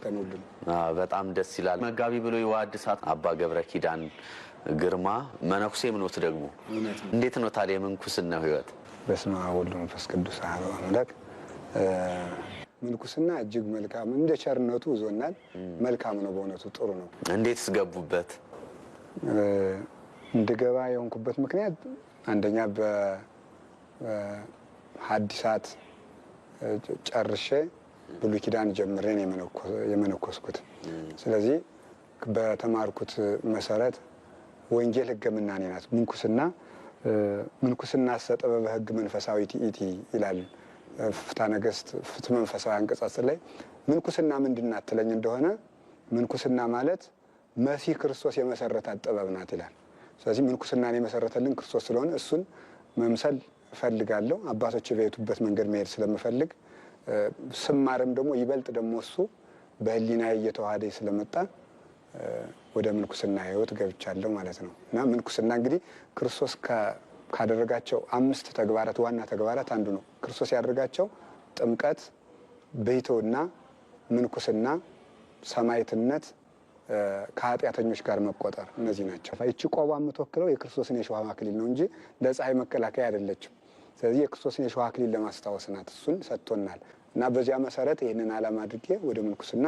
የሰጠኑልን። በጣም ደስ ይላል። መጋቢ ብሎ የዋድሳት አባ ገብረ ኪዳን ግርማ መነኩሴም ኖት ደግሞ። እንዴት ነው ታዲያ የምንኩስናው ህይወት? በስመ አብ ወወልድ ወመንፈስ ቅዱስ አሐዱ አምላክ። ምንኩስና እጅግ መልካም እንደ ቸርነቱ ይዞናል። መልካም ነው በእውነቱ ጥሩ ነው። እንዴት ስገቡበት? እንድገባ የሆንኩበት ምክንያት አንደኛ በሀዲሳት ጨርሼ ብሉ ኪዳን ጀምሬን የመነኮስኩት። ስለዚህ በተማርኩት መሰረት ወንጌል ህገ ምናኔ ናት። ምንኩስና ምንኩስና ሰጠበበ ህግ መንፈሳዊ ትኢቲ ይላል ፍታ ነገስት ፍት መንፈሳዊ አንቀጻጽ ላይ ምንኩስና ምንድና ትለኝ እንደሆነ ምንኩስና ማለት መሲህ ክርስቶስ የመሰረታት ጥበብ ናት ይላል። ስለዚህ ምንኩስናን የመሰረተልን ክርስቶስ ስለሆነ እሱን መምሰል እፈልጋለሁ። አባቶች የቤቱበት መንገድ መሄድ ስለምፈልግ ስማርም ደግሞ ይበልጥ ደግሞ እሱ በህሊና እየተዋሃደ ስለመጣ ወደ ምንኩስና ህይወት ገብቻለሁ ማለት ነው። እና ምንኩስና እንግዲህ ክርስቶስ ካደረጋቸው አምስት ተግባራት ዋና ተግባራት አንዱ ነው። ክርስቶስ ያደርጋቸው ጥምቀት፣ ብይቶና፣ ምንኩስና፣ ሰማይትነት ከኃጢአተኞች ጋር መቆጠር እነዚህ ናቸው። ይቺ ቆቧ የምትወክለው የክርስቶስን የሸዋ አክሊል ነው እንጂ ለፀሐይ መከላከያ አይደለችም። ስለዚህ የክርስቶስን የሸዋ አክሊል ለማስታወስ ናት። እሱን ሰጥቶናል። እና በዚያ መሰረት ይህንን ዓላማ አድርጌ ወደ ምንኩስና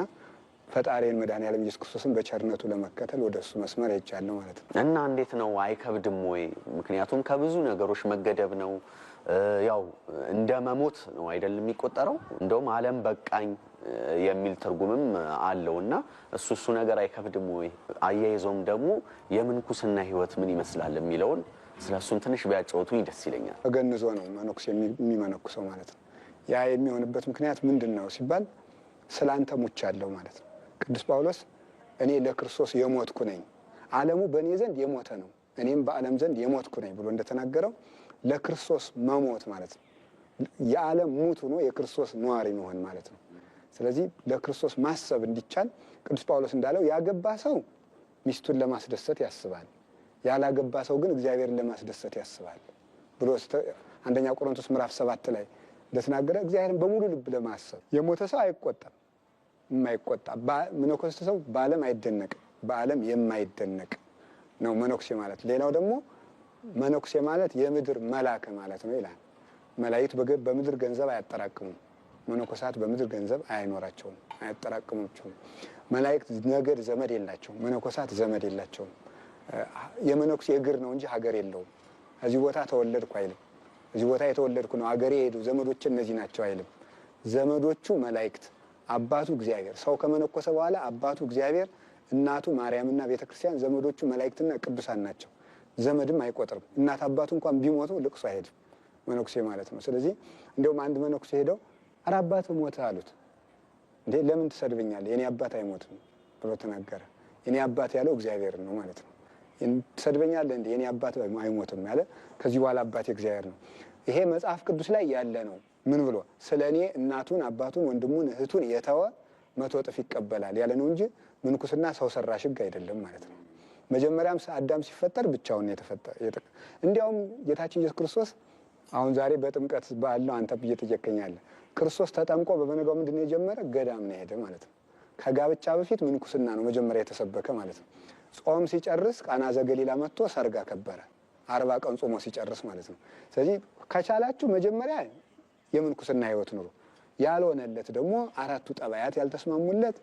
ፈጣሪን መድኃኔዓለም ኢየሱስ ክርስቶስን በቸርነቱ ለመከተል ወደ እሱ መስመር ይቻለሁ ማለት ነው። እና እንዴት ነው አይከብድም ወይ? ምክንያቱም ከብዙ ነገሮች መገደብ ነው ያው እንደ መሞት ነው አይደለም የሚቆጠረው። እንደውም ዓለም በቃኝ የሚል ትርጉምም አለው እና እሱ እሱ ነገር አይከብድም ወይ? አያይዞም ደግሞ የምንኩስና ህይወት ምን ይመስላል የሚለውን እሱን ትንሽ ቢያጫወቱኝ ደስ ይለኛል። ተገንዞ ነው መነኩስ የሚመነኩሰው ማለት ነው። ያ የሚሆንበት ምክንያት ምንድን ነው ሲባል ስለ አንተ ሙቻለሁ ማለት ነው። ቅዱስ ጳውሎስ እኔ ለክርስቶስ የሞትኩ ነኝ፣ ዓለሙ በእኔ ዘንድ የሞተ ነው፣ እኔም በዓለም ዘንድ የሞትኩ ነኝ ብሎ እንደተናገረው ለክርስቶስ መሞት ማለት ነው። የዓለም ሙት ሆኖ የክርስቶስ ነዋሪ መሆን ማለት ነው። ስለዚህ ለክርስቶስ ማሰብ እንዲቻል ቅዱስ ጳውሎስ እንዳለው ያገባ ሰው ሚስቱን ለማስደሰት ያስባል፣ ያላገባ ሰው ግን እግዚአብሔርን ለማስደሰት ያስባል ብሎ አንደኛ ቆሮንቶስ ምዕራፍ ሰባት ላይ እንደተናገረ እግዚአብሔርን በሙሉ ልብ ለማሰብ የሞተ ሰው አይቆጣም። የማይቆጣ መነኮስ ሰው በአለም አይደነቅም። በአለም የማይደነቅ ነው መነኩሴ ማለት። ሌላው ደግሞ መነኩሴ ማለት የምድር መላክ ማለት ነው ይላል። መላእክት በምድር ገንዘብ አያጠራቅሙም። መነኮሳት በምድር ገንዘብ አይኖራቸውም፣ አያጠራቅሙቸውም። መላእክት ነገድ ዘመድ የላቸውም። መነኮሳት ዘመድ የላቸውም። የመነኩሴ እግር ነው እንጂ ሀገር የለውም። እዚህ ቦታ ተወለድኩ አይልም። እዚህ ቦታ የተወለድኩ ነው አገሬ የሄዱ ዘመዶች እነዚህ ናቸው አይልም። ዘመዶቹ መላእክት፣ አባቱ እግዚአብሔር። ሰው ከመነኮሰ በኋላ አባቱ እግዚአብሔር፣ እናቱ ማርያምና ቤተክርስቲያን ዘመዶቹ መላእክትና ቅዱሳን ናቸው። ዘመድም አይቆጥርም። እናት አባቱ እንኳን ቢሞተው ልቅሶ አይሄድም መነኩሴ ማለት ነው። ስለዚህ እንዲሁም አንድ መነኩሴ ሄደው አረ አባት ሞተ አሉት። እንዴ ለምን ትሰድበኛለህ? የኔ አባት አይሞትም ብሎ ተናገረ። የኔ አባት ያለው እግዚአብሔር ነው ማለት ነው። ሰድበኛለ እንዲ የኔ አባት አይሞትም ያለ ከዚህ በኋላ አባት እግዚአብሔር ነው። ይሄ መጽሐፍ ቅዱስ ላይ ያለ ነው። ምን ብሎ ስለ እኔ እናቱን አባቱን ወንድሙን እህቱን የተወ መቶ እጥፍ ይቀበላል ያለ ነው እንጂ ምንኩስና ሰው ሰራሽ ሕግ አይደለም ማለት ነው። መጀመሪያም አዳም ሲፈጠር ብቻውን የተፈጠ እንዲያውም ጌታችን ኢየሱስ ክርስቶስ አሁን ዛሬ በጥምቀት በዓል ነው። አንተ ብዬ ትጀከኛለህ። ክርስቶስ ተጠምቆ በበነጋው ምንድን ነው የጀመረ ገዳም ነው የሄደ ማለት ነው። ከጋብቻ በፊት ምንኩስና ነው መጀመሪያ የተሰበከ ማለት ነው። ጾም ሲጨርስ ቃና ዘገሊላ መጥቶ ሰርግ አከበረ። አርባ ቀን ጾሞ ሲጨርስ ማለት ነው። ስለዚህ ከቻላችሁ መጀመሪያ የምንኩስና ህይወት ኑሮ፣ ያልሆነለት ደግሞ አራቱ ጠባያት ያልተስማሙለት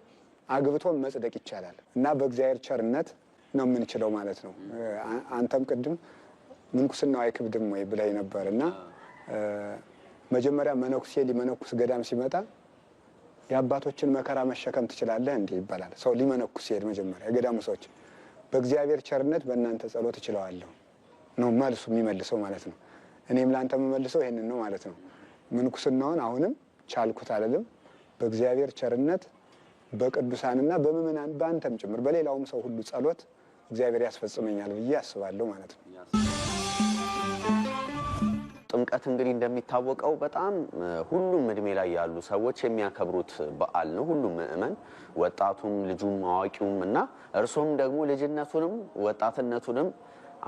አግብቶን መጽደቅ ይቻላል እና በእግዚአብሔር ቸርነት ነው የምንችለው ማለት ነው። አንተም ቅድም ምንኩስናው አይክብድም ወይ ብለይ ነበር እና መጀመሪያ መነኩሴ ሊመነኩስ ገዳም ሲመጣ የአባቶችን መከራ መሸከም ትችላለህ እንዲህ ይባላል። ሰው ሊመነኩስ ሲሄድ መጀመሪያ የገዳሙ ሰዎች በእግዚአብሔር ቸርነት በእናንተ ጸሎት እችለዋለሁ ነው መልሱ፣ የሚመልሰው ማለት ነው። እኔም ለአንተ የምመልሰው ይሄንን ነው ማለት ነው። ምንኩስናውን አሁንም ቻልኩት አለልም። በእግዚአብሔር ቸርነት በቅዱሳንና በምምናን በአንተም ጭምር በሌላውም ሰው ሁሉ ጸሎት እግዚአብሔር ያስፈጽመኛል ብዬ አስባለሁ ማለት ነው። ጥምቀት እንግዲህ እንደሚታወቀው በጣም ሁሉም እድሜ ላይ ያሉ ሰዎች የሚያከብሩት በዓል ነው። ሁሉም ምእመን፣ ወጣቱም፣ ልጁም፣ አዋቂውም እና እርሶም ደግሞ ልጅነቱንም ወጣትነቱንም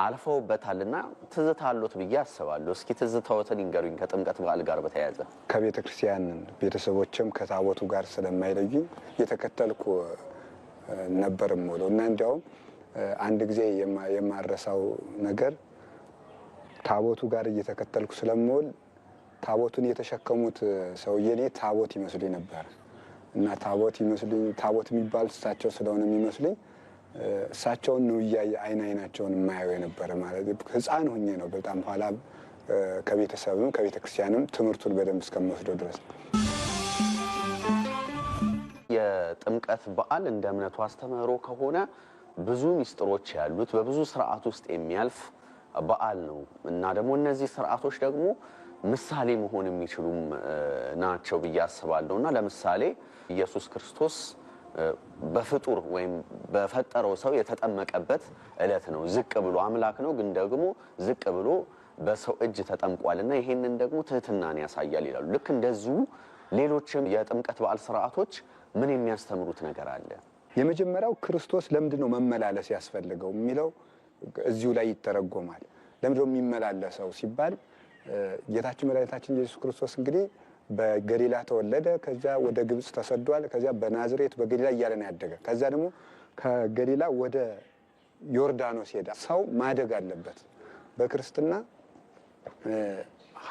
አልፈውበታልና ትዝታ አሎት ብዬ አስባለሁ። እስኪ ትዝታዎትን ይንገሩኝ ከጥምቀት በዓል ጋር በተያያዘ። ከቤተ ክርስቲያን ቤተሰቦችም ከታቦቱ ጋር ስለማይለዩኝ የተከተልኩ ነበርም ውለው እና እንዲያውም አንድ ጊዜ የማረሳው ነገር ታቦቱ ጋር እየተከተልኩ ስለምውል ታቦቱን የተሸከሙት ሰውዬ እኔ ታቦት ይመስሉኝ ነበር እና ታቦት ይመስሉኝ ታቦት የሚባል እሳቸው ስለሆነ የሚመስሉኝ እሳቸውን ነው እያየ አይን አይናቸውን የማየው የነበረ ማለት ህፃን ሁኜ ነው በጣም ኋላ ከቤተሰብም ከቤተ ክርስቲያንም ትምህርቱን በደንብ እስከምወስደው ድረስ። የጥምቀት በዓል እንደ እምነቱ አስተምህሮ ከሆነ ብዙ ሚስጥሮች ያሉት በብዙ ስርዓት ውስጥ የሚያልፍ በዓል ነው እና ደግሞ እነዚህ ስርዓቶች ደግሞ ምሳሌ መሆን የሚችሉም ናቸው ብዬ አስባለሁ እና ለምሳሌ ኢየሱስ ክርስቶስ በፍጡር ወይም በፈጠረው ሰው የተጠመቀበት እለት ነው። ዝቅ ብሎ አምላክ ነው፣ ግን ደግሞ ዝቅ ብሎ በሰው እጅ ተጠምቋል እና ይሄንን ደግሞ ትህትናን ያሳያል ይላሉ። ልክ እንደዚሁ ሌሎችም የጥምቀት በዓል ስርዓቶች ምን የሚያስተምሩት ነገር አለ? የመጀመሪያው ክርስቶስ ለምንድን ነው መመላለስ ያስፈልገው የሚለው እዚሁ ላይ ይተረጎማል። ለምንድነው የሚመላለሰው ሲባል ጌታችን መድኃኒታችን ኢየሱስ ክርስቶስ እንግዲህ በገሊላ ተወለደ። ከዚያ ወደ ግብፅ ተሰዷል። ከዚያ በናዝሬት በገሊላ እያለ ነው ያደገ። ከዚያ ደግሞ ከገሊላ ወደ ዮርዳኖስ ሄዳ ሰው ማደግ አለበት። በክርስትና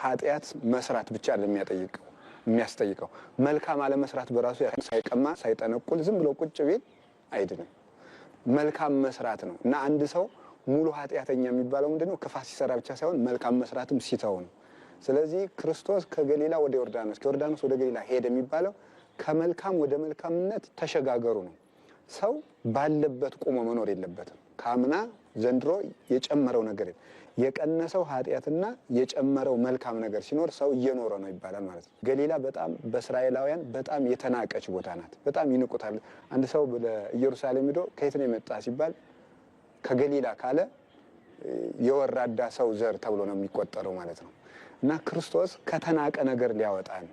ኃጢአት መስራት ብቻ ለሚያጠይቀው የሚያስጠይቀው መልካም አለመስራት በራሱ ሳይቀማ ሳይጠነቁል ዝም ብሎ ቁጭ ቢል አይድንም። መልካም መስራት ነው እና አንድ ሰው ሙሉ ኃጢአተኛ የሚባለው ነው? ክፋት ሲሰራ ብቻ ሳይሆን መልካም መስራትም ሲተው ነው። ስለዚህ ክርስቶስ ከገሊላ ወደ ዮርዳኖስ ከዮርዳኖስ ወደ ገሊላ ሄደ የሚባለው ከመልካም ወደ መልካምነት ተሸጋገሩ ነው። ሰው ባለበት ቆሞ መኖር የለበትም። ከአምና ዘንድሮ የጨመረው ነገር የቀነሰው ኃጢአትና የጨመረው መልካም ነገር ሲኖር ሰው እየኖረ ነው ይባላል ማለት ነው። ገሊላ በጣም በእስራኤላውያን በጣም የተናቀች ቦታ ናት። በጣም ይንቁታል። አንድ ሰው ለኢየሩሳሌም ሂዶ ከየት ነው የመጣ ሲባል ከገሊላ ካለ የወራዳ ሰው ዘር ተብሎ ነው የሚቆጠረው ማለት ነው። እና ክርስቶስ ከተናቀ ነገር ሊያወጣን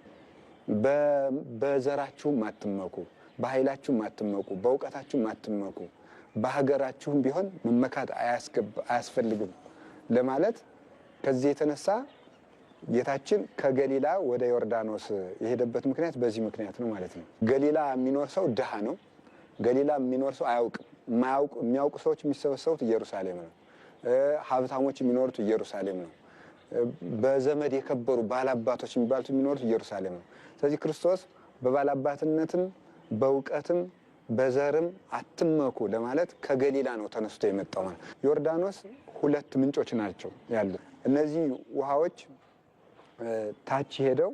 በዘራችሁም አትመኩ፣ በኃይላችሁም አትመኩ፣ በእውቀታችሁም አትመኩ፣ በሀገራችሁም ቢሆን መመካት አያስፈልግም ለማለት ከዚህ የተነሳ ጌታችን ከገሊላ ወደ ዮርዳኖስ የሄደበት ምክንያት በዚህ ምክንያት ነው ማለት ነው። ገሊላ የሚኖር ሰው ድሃ ነው። ገሊላ የሚኖር ሰው አያውቅም። የሚያውቁ ሰዎች የሚሰበሰቡት ኢየሩሳሌም ነው። ሀብታሞች የሚኖሩት ኢየሩሳሌም ነው። በዘመድ የከበሩ ባላባቶች የሚባሉት የሚኖሩት ኢየሩሳሌም ነው። ስለዚህ ክርስቶስ በባላባትነትም በእውቀትም በዘርም አትመኩ ለማለት ከገሊላ ነው ተነስቶ የመጣው ማለት። ዮርዳኖስ ሁለት ምንጮች ናቸው ያሉት። እነዚህ ውሃዎች ታች ሄደው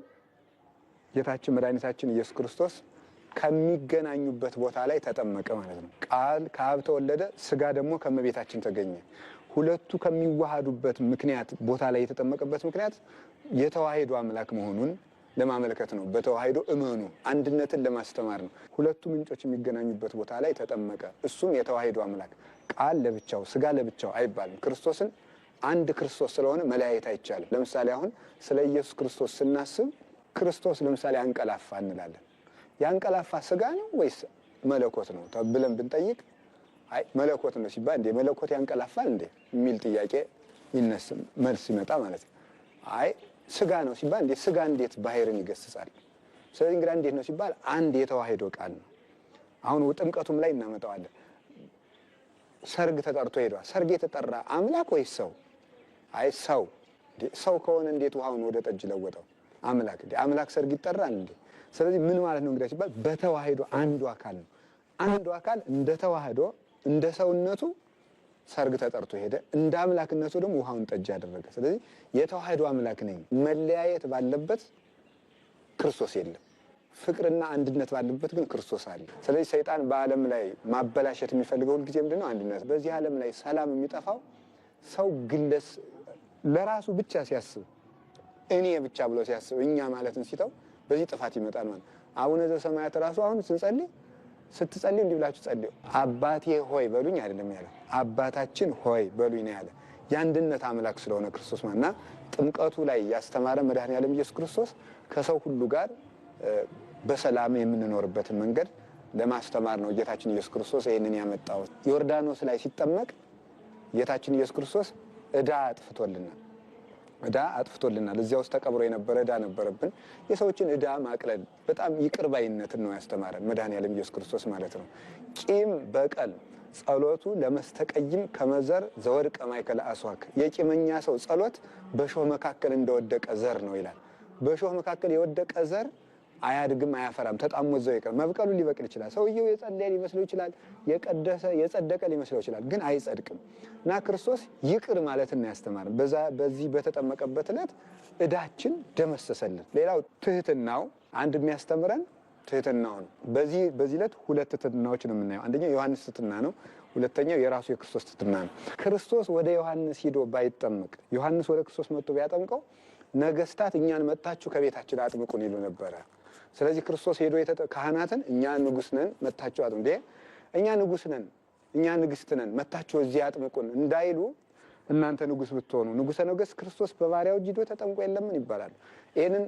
ጌታችን መድኃኒታችን ኢየሱስ ክርስቶስ ከሚገናኙበት ቦታ ላይ ተጠመቀ ማለት ነው። ቃል ከአብ ተወለደ፣ ስጋ ደግሞ ከመቤታችን ተገኘ። ሁለቱ ከሚዋሃዱበት ምክንያት ቦታ ላይ የተጠመቀበት ምክንያት የተዋሕዶ አምላክ መሆኑን ለማመልከት ነው። በተዋሂዶ እመኑ አንድነትን ለማስተማር ነው። ሁለቱ ምንጮች የሚገናኙበት ቦታ ላይ ተጠመቀ። እሱም የተዋሕዶ አምላክ ቃል ለብቻው ስጋ ለብቻው አይባልም። ክርስቶስን አንድ ክርስቶስ ስለሆነ መለያየት አይቻልም። ለምሳሌ አሁን ስለ ኢየሱስ ክርስቶስ ስናስብ ክርስቶስ ለምሳሌ አንቀላፋ እንላለን። ያንቀላፋ ስጋ ነው ወይስ መለኮት ነው ብለን ብንጠይቅ አይ መለኮት ነው ሲባል እንዴ መለኮት ያንቀላፋል እንዴ የሚል ጥያቄ ይነስ መልስ ይመጣ ማለት ነው። አይ ስጋ ነው ሲባል እንዴ ስጋ እንዴት ባህርን ይገስጻል? ስለዚህ እንግዲህ እንዴት ነው ሲባል አንድ የተዋሄዶ ቃል ነው። አሁን ጥምቀቱም ላይ እናመጣዋለን። ሰርግ ተጠርቶ ሄዷል። ሰርግ የተጠራ አምላክ ወይስ ሰው? አይ ሰው። ሰው ከሆነ እንዴት ውሃውን ወደ ጠጅ ለወጠው? አምላክ አምላክ ሰርግ ይጠራል እንዴ? ስለዚህ ምን ማለት ነው እንግዳ ሲባል በተዋህዶ አንዱ አካል ነው። አንዱ አካል እንደ ተዋህዶ እንደ ሰውነቱ ሰርግ ተጠርቶ ሄደ፣ እንደ አምላክነቱ ደግሞ ውሃውን ጠጅ ያደረገ። ስለዚህ የተዋህዶ አምላክ ነኝ። መለያየት ባለበት ክርስቶስ የለም። ፍቅርና አንድነት ባለበት ግን ክርስቶስ አለ። ስለዚህ ሰይጣን በዓለም ላይ ማበላሸት የሚፈልገው ሁልጊዜ ምንድነው አንድነት። በዚህ ዓለም ላይ ሰላም የሚጠፋው ሰው ግለስ ለራሱ ብቻ ሲያስብ፣ እኔ ብቻ ብሎ ሲያስብ፣ እኛ ማለትን ሲተው በዚህ ጥፋት ይመጣል ማለት አቡነ ዘሰማያት ራሱ አሁን ስንጸልይ ስትጸልዩ እንዲህ ብላችሁ ጸልዩ። አባቴ ሆይ በሉኝ አይደለም ያለ፣ አባታችን ሆይ በሉኝ ነው ያለ። የአንድነት አምላክ ስለሆነ ክርስቶስ ማና ጥምቀቱ ላይ ያስተማረ መድኃኔዓለም ኢየሱስ ክርስቶስ ከሰው ሁሉ ጋር በሰላም የምንኖርበትን መንገድ ለማስተማር ነው ጌታችን ኢየሱስ ክርስቶስ ይህንን ያመጣው። ዮርዳኖስ ላይ ሲጠመቅ ጌታችን ኢየሱስ ክርስቶስ እዳ አጥፍቶልናል። እዳ አጥፍቶልናል። እዚያ ውስጥ ተቀብሮ የነበረ እዳ ነበረብን። የሰዎችን እዳ ማቅለል በጣም ይቅርባይነትን ነው ነው ያስተማረን መድኃኔዓለም ኢየሱስ ክርስቶስ ማለት ነው። ቂም በቀል ጸሎቱ ለመስተቀይም ከመዘር ዘወድቀ ማእከለ አስዋክ፣ የቂመኛ ሰው ጸሎት በእሾህ መካከል እንደወደቀ ዘር ነው ይላል። በእሾህ መካከል የወደቀ ዘር አያድግም፣ አያፈራም፣ ተጣሞ እዛው ይቀር። መብቀሉ ሊበቅል ይችላል። ሰውየው የጸለየ ሊመስለው ይችላል፣ የቀደሰ የጸደቀ ሊመስለው ይችላል፣ ግን አይጸድቅም እና ክርስቶስ ይቅር ማለትን በዛ በዚህ በተጠመቀበት ዕለት እዳችን ደመሰሰልን። ሌላው ትህትናው አንድ የሚያስተምረን ትህትናው ነው። በዚህ በዚህ ዕለት ሁለት ትህትናዎች ነው የምናየው። አንደኛው ዮሐንስ ትህትና ነው። ሁለተኛው የራሱ የክርስቶስ ትህትና ነው። ክርስቶስ ወደ ዮሐንስ ሂዶ ባይጠምቅ ዮሐንስ ወደ ክርስቶስ መጥቶ ቢያጠምቀው ነገስታት እኛን መጥታችሁ ከቤታችን አጥምቁን ይሉ ነበረ። ስለዚህ ክርስቶስ ሄዶ ካህናትን እኛ ንጉሥ ነን መታችሁ አጥምቁ፣ እኛ ንጉሥ ነን እኛ ንግሥት ነን እዚህ አጥምቁን እንዳይሉ እናንተ ንጉሥ ብትሆኑ ንጉሰ ነገሥት ክርስቶስ በባሪያው እጅ ሄዶ ተጠምቆ የለምን ይባላል። ይህንን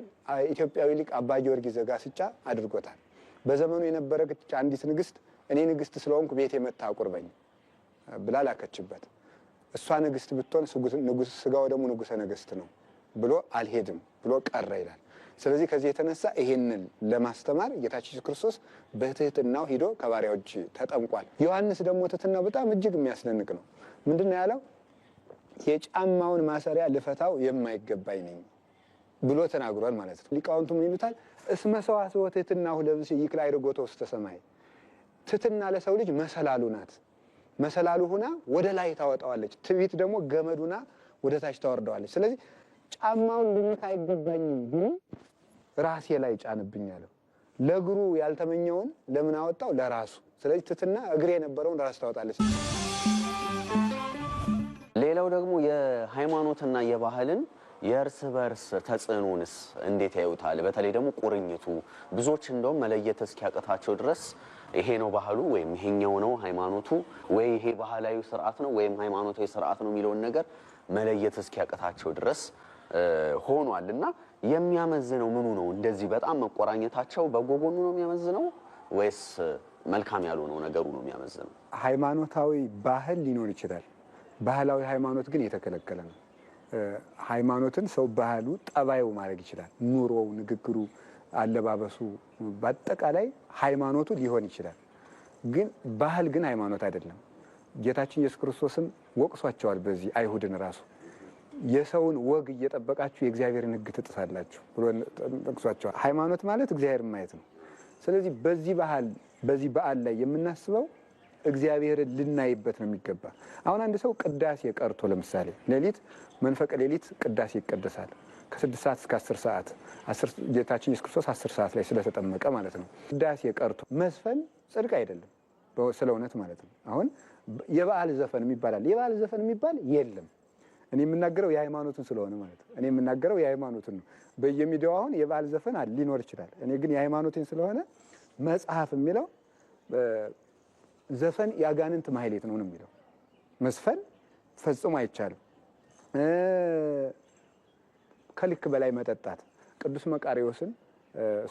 ኢትዮጵያዊ ሊቅ አባ ዘጋ ስጫ አድርጎታል። በዘመኑ የነበረች አንዲት ንግሥት እኔ ንግሥት ስለሆንኩ ቤት የመታ አቁርበኝ ብላ ላከችበት። እሷ ንግሥት ብትሆን ንጉሥ ስጋው ደግሞ ንጉሰ ነገሥት ነው ብሎ አልሄድም ብሎ ቀረ ይላል። ስለዚህ ከዚህ የተነሳ ይሄንን ለማስተማር ጌታችን ኢየሱስ ክርስቶስ በትህትናው ሂዶ ከባሪያዎች ተጠምቋል። ዮሐንስ ደግሞ ትህትናው በጣም እጅግ የሚያስደንቅ ነው። ምንድን ነው ያለው? የጫማውን ማሰሪያ ልፈታው የማይገባኝ ነኝ ብሎ ተናግሯል ማለት ነው። ሊቃውንቱ ምን ይሉታል? እስመ ሰዋስወ ትሕትናሁ ለብእሲ ይክል አድርጎቶ ውስተ ሰማይ። ትሕትና ለሰው ልጅ መሰላሉ ናት። መሰላሉ ሁና ወደ ላይ ታወጣዋለች። ትዕቢት ደግሞ ገመዱና ወደ ታች ታወርደዋለች። ስለዚህ ጫማውን ልንክ አይገባኝም ቢሉ ራሴ ላይ ጫንብኝ አለው። ለእግሩ ያልተመኘውን ለምን አወጣው? ለራሱ። ስለዚህ ትትና እግሬ የነበረውን ራሱ ታወጣለች። ሌላው ደግሞ የሃይማኖትና የባህልን የእርስ በርስ ተጽዕኖንስ እንዴት ያዩታል? በተለይ ደግሞ ቁርኝቱ ብዙዎች እንደውም መለየት እስኪያቅታቸው ድረስ ይሄ ነው ባህሉ ወይም ይሄኛው ነው ሃይማኖቱ፣ ወይ ይሄ ባህላዊ ስርዓት ነው ወይም ሃይማኖታዊ ስርዓት ነው የሚለውን ነገር መለየት እስኪያቅታቸው ድረስ ሆኗል እና የሚያመዝነው ምኑ ነው? እንደዚህ በጣም መቆራኘታቸው በጎጎኑ ነው የሚያመዝነው ወይስ መልካም ያልሆነው ነገሩ ነው የሚያመዝነው? ሃይማኖታዊ ባህል ሊኖር ይችላል። ባህላዊ ሃይማኖት ግን የተከለከለ ነው። ሃይማኖትን ሰው ባህሉ፣ ጠባዩ ማድረግ ይችላል። ኑሮው፣ ንግግሩ፣ አለባበሱ፣ በአጠቃላይ ሃይማኖቱ ሊሆን ይችላል። ግን ባህል ግን ሃይማኖት አይደለም። ጌታችን ኢየሱስ ክርስቶስም ወቅሷቸዋል በዚህ አይሁድን ራሱ የሰውን ወግ እየጠበቃችሁ የእግዚአብሔርን ሕግ ትጥሳላችሁ ብሎ ጠቅሷቸዋል። ሃይማኖት ማለት እግዚአብሔር ማየት ነው። ስለዚህ በዚህ ባህል በዚህ በዓል ላይ የምናስበው እግዚአብሔርን ልናይበት ነው የሚገባ። አሁን አንድ ሰው ቅዳሴ ቀርቶ ለምሳሌ ሌሊት መንፈቀ ሌሊት ቅዳሴ ይቀደሳል ከስድስት ሰዓት እስከ አስር ሰዓት ጌታችን ኢየሱስ ክርስቶስ አስር ሰዓት ላይ ስለተጠመቀ ማለት ነው። ቅዳሴ ቀርቶ መስፈን ጽድቅ አይደለም ስለ እውነት ማለት ነው። አሁን የበዓል ዘፈን የሚባል አለ። የበዓል ዘፈን የሚባል የለም እኔ የምናገረው የሃይማኖትን ስለሆነ ማለት ነው። እኔ የምናገረው የሃይማኖትን ነው። በየሚዲያው አሁን የበዓል ዘፈን ሊኖር ይችላል። እኔ ግን የሃይማኖቴን ስለሆነ መጽሐፍ የሚለው ዘፈን የአጋንንት ማህሌት ነው ነው የሚለው መስፈን ፈጽሞ አይቻልም። ከልክ በላይ መጠጣት ቅዱስ መቃሪዎስን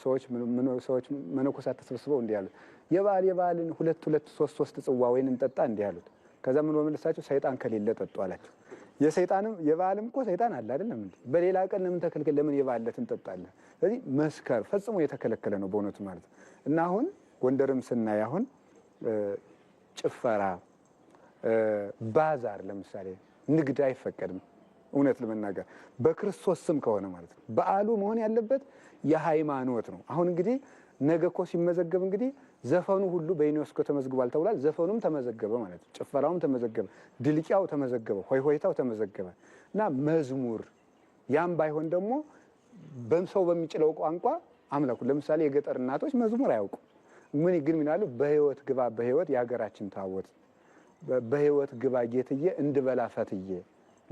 ሰዎች ሰዎች መነኮሳት ተሰብስበው እንዲህ ያሉት የበዓል የበዓልን ሁለት ሁለት ሶስት ሶስት ጽዋ ወይን እንጠጣ እንዲህ ያሉት። ከዛ ምን በመለሳቸው ሰይጣን ከሌለ ጠጡ አላቸው። የሰይጣንም የበዓልም እኮ ሰይጣን አለ አይደለም እንዴ? በሌላ ቀን ለምን ተከልከለ? ለምን የበዓል ዕለት ስለዚህ መስከር ፈጽሞ የተከለከለ ነው በእውነቱ ማለት ነው። እና አሁን ጎንደርም ስናይ አሁን ጭፈራ፣ ባዛር ለምሳሌ ንግድ አይፈቀድም። እውነት ለመናገር በክርስቶስ ስም ከሆነ ማለት ነው። በዓሉ መሆን ያለበት የሃይማኖት ነው። አሁን እንግዲህ ነገ እኮ ሲመዘገብ እንግዲህ ዘፈኑ ሁሉ በዩኔስኮ ተመዝግቧል ተብሏል። ዘፈኑም ተመዘገበ ማለት ነው። ጭፈራውም ተመዘገበ፣ ድልቂያው ተመዘገበ፣ ሆይሆይታው ተመዘገበ እና መዝሙር ያም ባይሆን ደግሞ በሰው በሚችለው ቋንቋ አምላኩ ለምሳሌ የገጠር እናቶች መዝሙር አያውቁ ምን ግን ይላሉ? በህይወት ግባ በህይወት የሀገራችን ታቦት በህይወት ግባ ጌትዬ እንድበላ ፈትዬ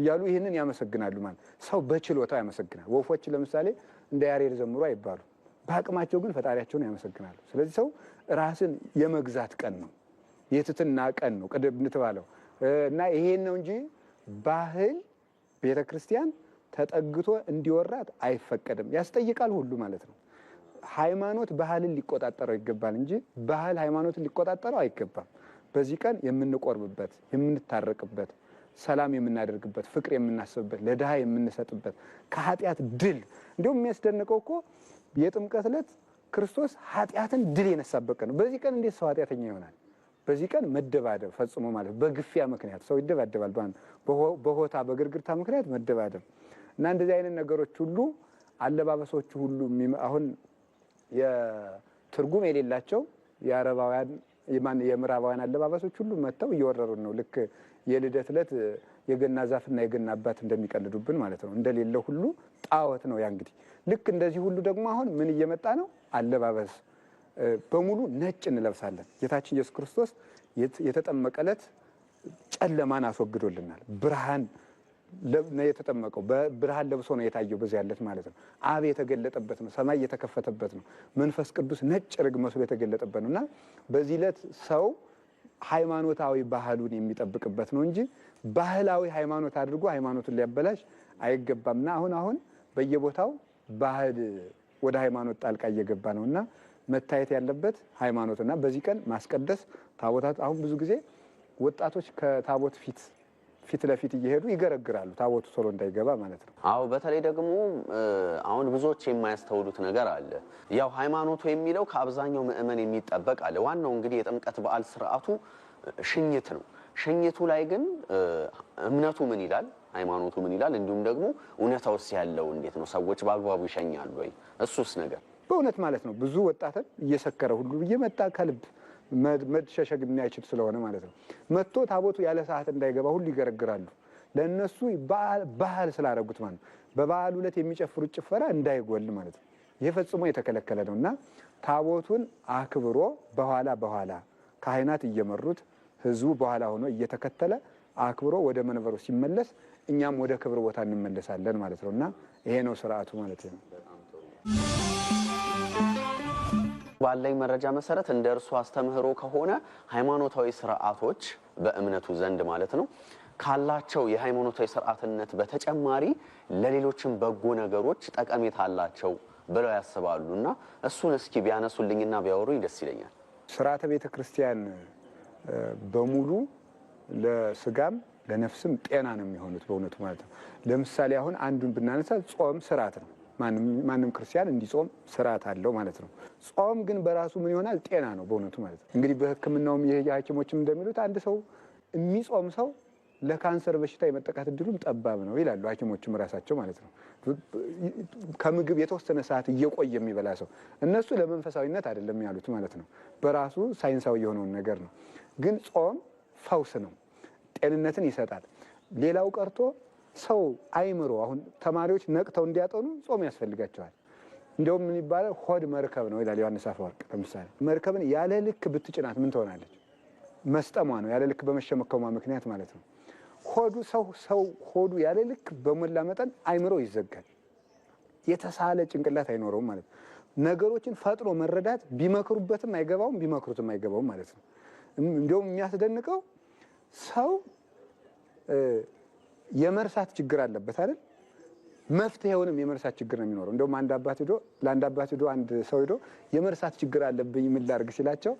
እያሉ ይህንን ያመሰግናሉ። ማለት ሰው በችሎታው ያመሰግናል። ወፎች ለምሳሌ እንደ ያሬድ ዘምሩ አይባሉ፣ በአቅማቸው ግን ፈጣሪያቸውን ያመሰግናሉ። ስለዚህ ሰው ራስን የመግዛት ቀን ነው፣ የትትና ቀን ነው ቅድም እንደተባለው እና ይሄን ነው እንጂ ባህል ቤተ ክርስቲያን ተጠግቶ እንዲወራት አይፈቀድም። ያስጠይቃል ሁሉ ማለት ነው። ሃይማኖት ባህልን ሊቆጣጠረው ይገባል እንጂ ባህል ሃይማኖትን ሊቆጣጠረው አይገባም። በዚህ ቀን የምንቆርብበት፣ የምንታረቅበት፣ ሰላም የምናደርግበት፣ ፍቅር የምናስብበት፣ ለድሃ የምንሰጥበት ከኃጢአት ድል እንዲሁም የሚያስደንቀው እኮ የጥምቀት ዕለት ክርስቶስ ኃጢአትን ድል የነሳበት ቀን ነው። በዚህ ቀን እንዴት ሰው ኃጢአተኛ ይሆናል? በዚህ ቀን መደባደብ ፈጽሞ ማለት በግፊያ ምክንያት ሰው ይደባደባል። በሆታ በግርግርታ ምክንያት መደባደብ እና እንደዚህ አይነት ነገሮች ሁሉ አለባበሶች ሁሉ አሁን የትርጉም የሌላቸው የአረባውያን የምዕራባውያን አለባበሶች ሁሉ መጥተው እየወረሩን ነው። ልክ የልደት ዕለት የገና ዛፍና የገና አባት እንደሚቀልዱብን ማለት ነው። እንደሌለ ሁሉ ጣዖት ነው ያ እንግዲህ። ልክ እንደዚህ ሁሉ ደግሞ አሁን ምን እየመጣ ነው? አለባበስ በሙሉ ነጭ እንለብሳለን። ጌታችን ኢየሱስ ክርስቶስ የተጠመቀ ዕለት ጨለማን አስወግዶልናል። ብርሃን የተጠመቀው ብርሃን ለብሶ ነው የታየው በዚያ ዕለት ማለት ነው። አብ የተገለጠበት ነው። ሰማይ የተከፈተበት ነው። መንፈስ ቅዱስ ነጭ ርግ መስሎ የተገለጠበት ነው እና በዚህ ዕለት ሰው ሃይማኖታዊ ባህሉን የሚጠብቅበት ነው እንጂ ባህላዊ ሃይማኖት አድርጎ ሃይማኖቱን ሊያበላሽ አይገባምና አሁን አሁን በየቦታው ባህል ወደ ሃይማኖት ጣልቃ እየገባ ነው እና መታየት ያለበት ሃይማኖት እና በዚህ ቀን ማስቀደስ ታቦታት አሁን ብዙ ጊዜ ወጣቶች ከታቦት ፊት ፊት ለፊት እየሄዱ ይገረግራሉ፣ ታቦቱ ቶሎ እንዳይገባ ማለት ነው። አዎ በተለይ ደግሞ አሁን ብዙዎች የማያስተውሉት ነገር አለ። ያው ሃይማኖቱ የሚለው ከአብዛኛው ምእመን የሚጠበቅ አለ። ዋናው እንግዲህ የጥምቀት በዓል ስርዓቱ ሽኝት ነው። ሸኝቱ ላይ ግን እምነቱ ምን ይላል፣ ሃይማኖቱ ምን ይላል፣ እንዲሁም ደግሞ እውነታውስ ያለው እንዴት ነው? ሰዎች በአግባቡ ይሸኛሉ ወይ? እሱስ ነገር በእውነት ማለት ነው ብዙ ወጣትን እየሰከረ ሁሉ እየመጣ ከልብ መድሸሸግ የሚያችል ስለሆነ ማለት ነው መጥቶ ታቦቱ ያለ ሰዓት እንዳይገባ ሁሉ ይገረግራሉ። ለእነሱ ባህል ስላደረጉት ማለት ነው በበዓሉ ዕለት የሚጨፍሩት ጭፈራ እንዳይጎል ማለት ነው። ይህ ፈጽሞ የተከለከለ ነው እና ታቦቱን አክብሮ በኋላ በኋላ ካህናት እየመሩት ህዝቡ በኋላ ሆኖ እየተከተለ አክብሮ ወደ መንበሩ ሲመለስ እኛም ወደ ክብር ቦታ እንመለሳለን ማለት ነው እና ይሄ ነው ስርዓቱ ማለት ነው። ባለኝ መረጃ መሰረት እንደ እርሱ አስተምህሮ ከሆነ ሃይማኖታዊ ስርዓቶች በእምነቱ ዘንድ ማለት ነው ካላቸው የሃይማኖታዊ ስርዓትነት በተጨማሪ ለሌሎችም በጎ ነገሮች ጠቀሜታ አላቸው ብለው ያስባሉ እና እሱን እስኪ ቢያነሱልኝና ቢያወሩኝ ደስ ይለኛል። ስርዓተ ቤተ ክርስቲያን በሙሉ ለስጋም ለነፍስም ጤና ነው የሚሆኑት በእውነቱ ማለት ነው። ለምሳሌ አሁን አንዱን ብናነሳ ጾም ስርዓት ነው። ማንም ክርስቲያን እንዲጾም ስርዓት አለው ማለት ነው። ጾም ግን በራሱ ምን ይሆናል? ጤና ነው በእውነቱ ማለት ነው። እንግዲህ በሕክምናውም ይሄ እንደሚሉት አንድ ሰው የሚጾም ሰው ለካንሰር በሽታ የመጠቃት እድሉም ጠባብ ነው ይላሉ ሐኪሞችም ራሳቸው ማለት ነው። ከምግብ የተወሰነ ሰዓት እየቆየ የሚበላ ሰው እነሱ ለመንፈሳዊነት አይደለም ያሉት ማለት ነው። በራሱ ሳይንሳዊ የሆነውን ነገር ነው። ግን ጾም ፈውስ ነው፣ ጤንነትን ይሰጣል። ሌላው ቀርቶ ሰው አይምሮ አሁን ተማሪዎች ነቅተው እንዲያጠኑ ጾም ያስፈልጋቸዋል። እንደውም ምን ይባላል ሆድ መርከብ ነው ይላል ዮሐንስ አፈወርቅ። ለምሳሌ መርከብን ያለ ልክ ብትጭናት ምን ትሆናለች? መስጠሟ ነው ያለ ልክ በመሸመከሟ ምክንያት ማለት ነው። ሆዱ ሰው ሰው ሆዱ ያለ ልክ በሞላ መጠን አይምሮ ይዘጋል። የተሳለ ጭንቅላት አይኖረውም ማለት ነው። ነገሮችን ፈጥሮ መረዳት ቢመክሩበትም አይገባውም፣ ቢመክሩትም አይገባውም ማለት ነው። እንዲሁም የሚያስደንቀው ሰው የመርሳት ችግር አለበት አይደል? መፍትሄውንም የመርሳት ችግር ነው የሚኖረው። እንደውም አንድ አባት ሄዶ ለአንድ አባት ሄዶ አንድ ሰው ሄዶ የመርሳት ችግር አለብኝ ምን ላድርግ ሲላቸው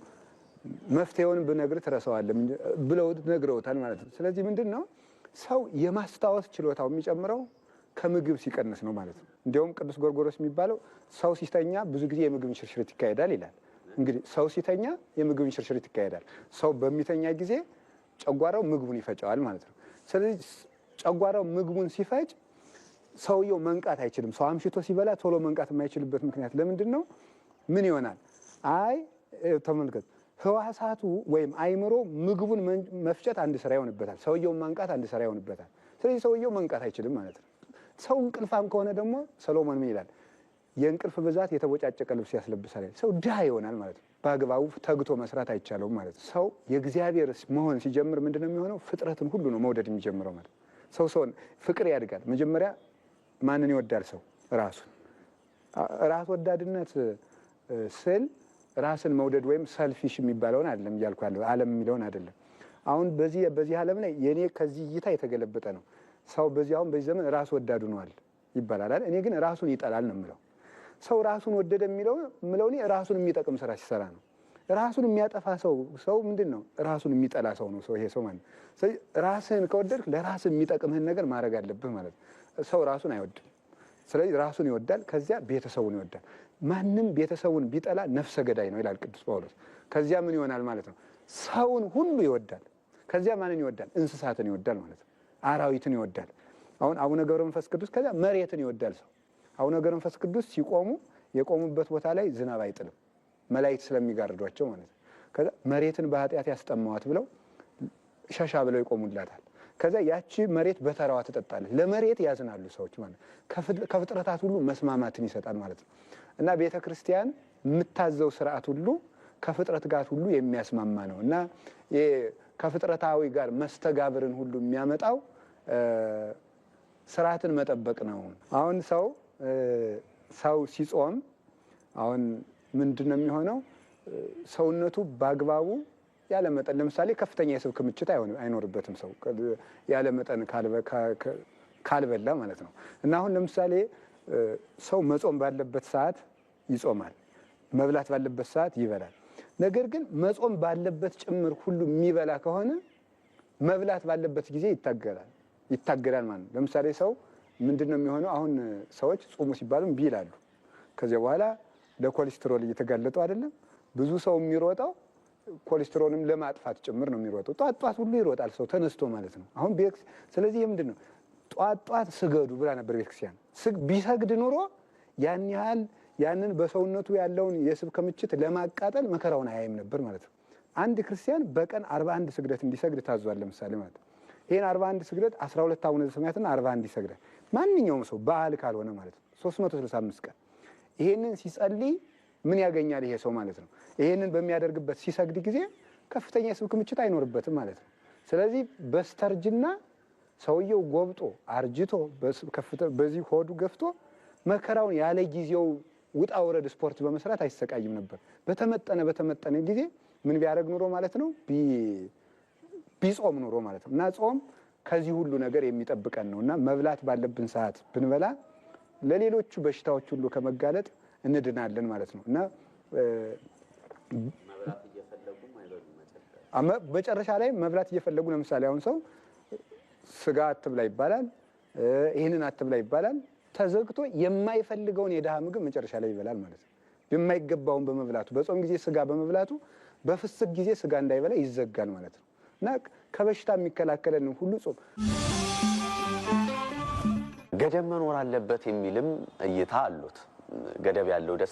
መፍትሄውን ብነግር ትረሳዋለህ ብለው ነግረውታል ማለት ነው። ስለዚህ ምንድን ነው ሰው የማስታወስ ችሎታው የሚጨምረው ከምግብ ሲቀንስ ነው ማለት ነው። እንዲሁም ቅዱስ ጎርጎሮስ የሚባለው ሰው ሲተኛ ብዙ ጊዜ የምግብ እንሽርሽሪት ይካሄዳል ይላል። እንግዲህ ሰው ሲተኛ የምግብ ሽርሽርት ይካሄዳል። ሰው በሚተኛ ጊዜ ጨጓራው ምግቡን ይፈጨዋል ማለት ነው። ስለዚህ ጨጓራው ምግቡን ሲፈጭ ሰውየው መንቃት አይችልም። ሰው አምሽቶ ሲበላ ቶሎ መንቃት የማይችልበት ምክንያት ለምንድን ነው? ምን ይሆናል? አይ ተመልከት ህዋሳቱ ወይም አይምሮ ምግቡን መፍጨት አንድ ስራ ይሆንበታል። ሰውየውን ማንቃት አንድ ስራ ይሆንበታል። ስለዚህ ሰውየው መንቃት አይችልም ማለት ነው። ሰው እንቅልፋም ከሆነ ደግሞ ሰሎሞን ምን ይላል? የእንቅልፍ ብዛት የተቦጫጨቀ ልብስ ያስለብሳል። ሰው ድሃ ይሆናል ማለት ነው። በአግባቡ ተግቶ መስራት አይቻለውም ማለት ነው። ሰው የእግዚአብሔር መሆን ሲጀምር ምንድነው የሚሆነው? ፍጥረትን ሁሉ ነው መውደድ የሚጀምረው ማለት ሰው ሰውን ፍቅር ያድጋል። መጀመሪያ ማንን ይወዳል? ሰው ራሱን። ራስ ወዳድነት ስል ራስን መውደድ ወይም ሰልፊሽ የሚባለውን አይደለም እያልኩ ያለው ዓለም የሚለውን አይደለም። አሁን በዚህ በዚህ ዓለም ላይ የእኔ ከዚህ እይታ የተገለበጠ ነው። ሰው በዚህ አሁን በዚህ ዘመን ራስ ወዳዱ ነዋል ይባላል። እኔ ግን ራሱን ይጠላል ነው የምለው። ሰው ራሱን ወደደ የሚለው ምለው እኔ ራሱን የሚጠቅም ስራ ሲሰራ ነው። ራሱን የሚያጠፋ ሰው ሰው ምንድን ነው? ራሱን የሚጠላ ሰው ነው ሰው ይሄ ሰው ማለት ስለዚህ ራስህን ከወደድክ ለራስ የሚጠቅምህን ነገር ማድረግ አለብህ ማለት ነው። ሰው ራሱን አይወድም። ስለዚህ ራሱን ይወዳል፣ ከዚያ ቤተሰቡን ይወዳል። ማንም ቤተሰቡን ቢጠላ ነፍሰ ገዳይ ነው ይላል ቅዱስ ጳውሎስ። ከዚያ ምን ይሆናል ማለት ነው? ሰውን ሁሉ ይወዳል። ከዚያ ማንን ይወዳል? እንስሳትን ይወዳል ማለት ነው። አራዊትን ይወዳል። አሁን አቡነ ገብረ መንፈስ ቅዱስ ከዚያ መሬትን ይወዳል ሰው። አቡነ ገብረ መንፈስ ቅዱስ ሲቆሙ የቆሙበት ቦታ ላይ ዝናብ አይጥልም፣ መላይት ስለሚጋርዷቸው ማለት ነው። ከዛ መሬትን በኃጢአት ያስጠማዋት ብለው ሸሻ ብለው ይቆሙላታል። ከዛ ያቺ መሬት በተራዋ ትጠጣለች። ለመሬት ያዝናሉ ሰዎች ማለት ከፍጥረታት ሁሉ መስማማትን ይሰጣል ማለት ነው። እና ቤተ ክርስቲያን የምታዘው ስርዓት ሁሉ ከፍጥረት ጋር ሁሉ የሚያስማማ ነው እና ከፍጥረታዊ ጋር መስተጋብርን ሁሉ የሚያመጣው ስርዓትን መጠበቅ ነው። አሁን ሰው ሰው ሲጾም አሁን ምንድን ነው የሚሆነው? ሰውነቱ በአግባቡ ያለ መጠን ለምሳሌ ከፍተኛ የስብ ክምችት አይኖርበትም ሰው ያለ መጠን ካልበላ ማለት ነው። እና አሁን ለምሳሌ ሰው መጾም ባለበት ሰዓት ይጾማል። መብላት ባለበት ሰዓት ይበላል። ነገር ግን መጾም ባለበት ጭምር ሁሉ የሚበላ ከሆነ መብላት ባለበት ጊዜ ይታገላል ይታገላል ማለት ነው። ለምሳሌ ሰው ምንድን ነው የሚሆነው? አሁን ሰዎች ጾሙ ሲባሉም እምቢ ይላሉ። ከዚያ በኋላ ለኮሌስትሮል እየተጋለጡ አይደለም። ብዙ ሰው የሚሮጠው ኮሌስትሮልም ለማጥፋት ጭምር ነው የሚሮጠው። ጧት ጧት ሁሉ ይሮጣል ሰው ተነስቶ ማለት ነው። አሁን ስለዚህ ምንድን ነው ጧት ጧት ስገዱ ብላ ነበር ቤተክርስቲያን። ቢሰግድ ኑሮ ያን ያህል ያንን በሰውነቱ ያለውን የስብ ክምችት ለማቃጠል መከራውን አያይም ነበር ማለት ነው። አንድ ክርስቲያን በቀን 41 ስግደት እንዲሰግድ ታዟል። ለምሳሌ ማለት ይህን 41 ስግደት 12 አቡነ ዘበሰማያትና 41 ይሰግዳል። ማንኛውም ሰው በዓል ካልሆነ ማለት ነው 365 ቀን ይሄንን ሲጸልይ ምን ያገኛል ይሄ ሰው ማለት ነው። ይሄንን በሚያደርግበት ሲሰግድ ጊዜ ከፍተኛ የስብ ክምችት አይኖርበትም ማለት ነው። ስለዚህ በስተርጅና ሰውየው ጎብጦ አርጅቶ በዚህ ሆዱ ገፍቶ መከራውን ያለ ጊዜው ውጣ ውረድ ስፖርት በመስራት አይሰቃይም ነበር። በተመጠነ በተመጠነ ጊዜ ምን ቢያደርግ ኑሮ ማለት ነው ቢጾም ኑሮ ማለት ነው። እና ጾም ከዚህ ሁሉ ነገር የሚጠብቀን ነው እና መብላት ባለብን ሰዓት ብንበላ ለሌሎቹ በሽታዎች ሁሉ ከመጋለጥ እንድናለን ማለት ነው እና መጨረሻ ላይ መብላት እየፈለጉ ለምሳሌ አሁን ሰው ስጋ አትብላ ይባላል፣ ይህንን አትብላ ይባላል። ተዘግቶ የማይፈልገውን የድሃ ምግብ መጨረሻ ላይ ይበላል ማለት ነው። የማይገባውን በመብላቱ በጾም ጊዜ ስጋ በመብላቱ በፍስክ ጊዜ ስጋ እንዳይበላ ይዘጋል ማለት ነው እና ከበሽታ የሚከላከለን ሁሉ ጾም ገደብ መኖር አለበት የሚልም እይታ አሉት። ገደብ ያለው ደስ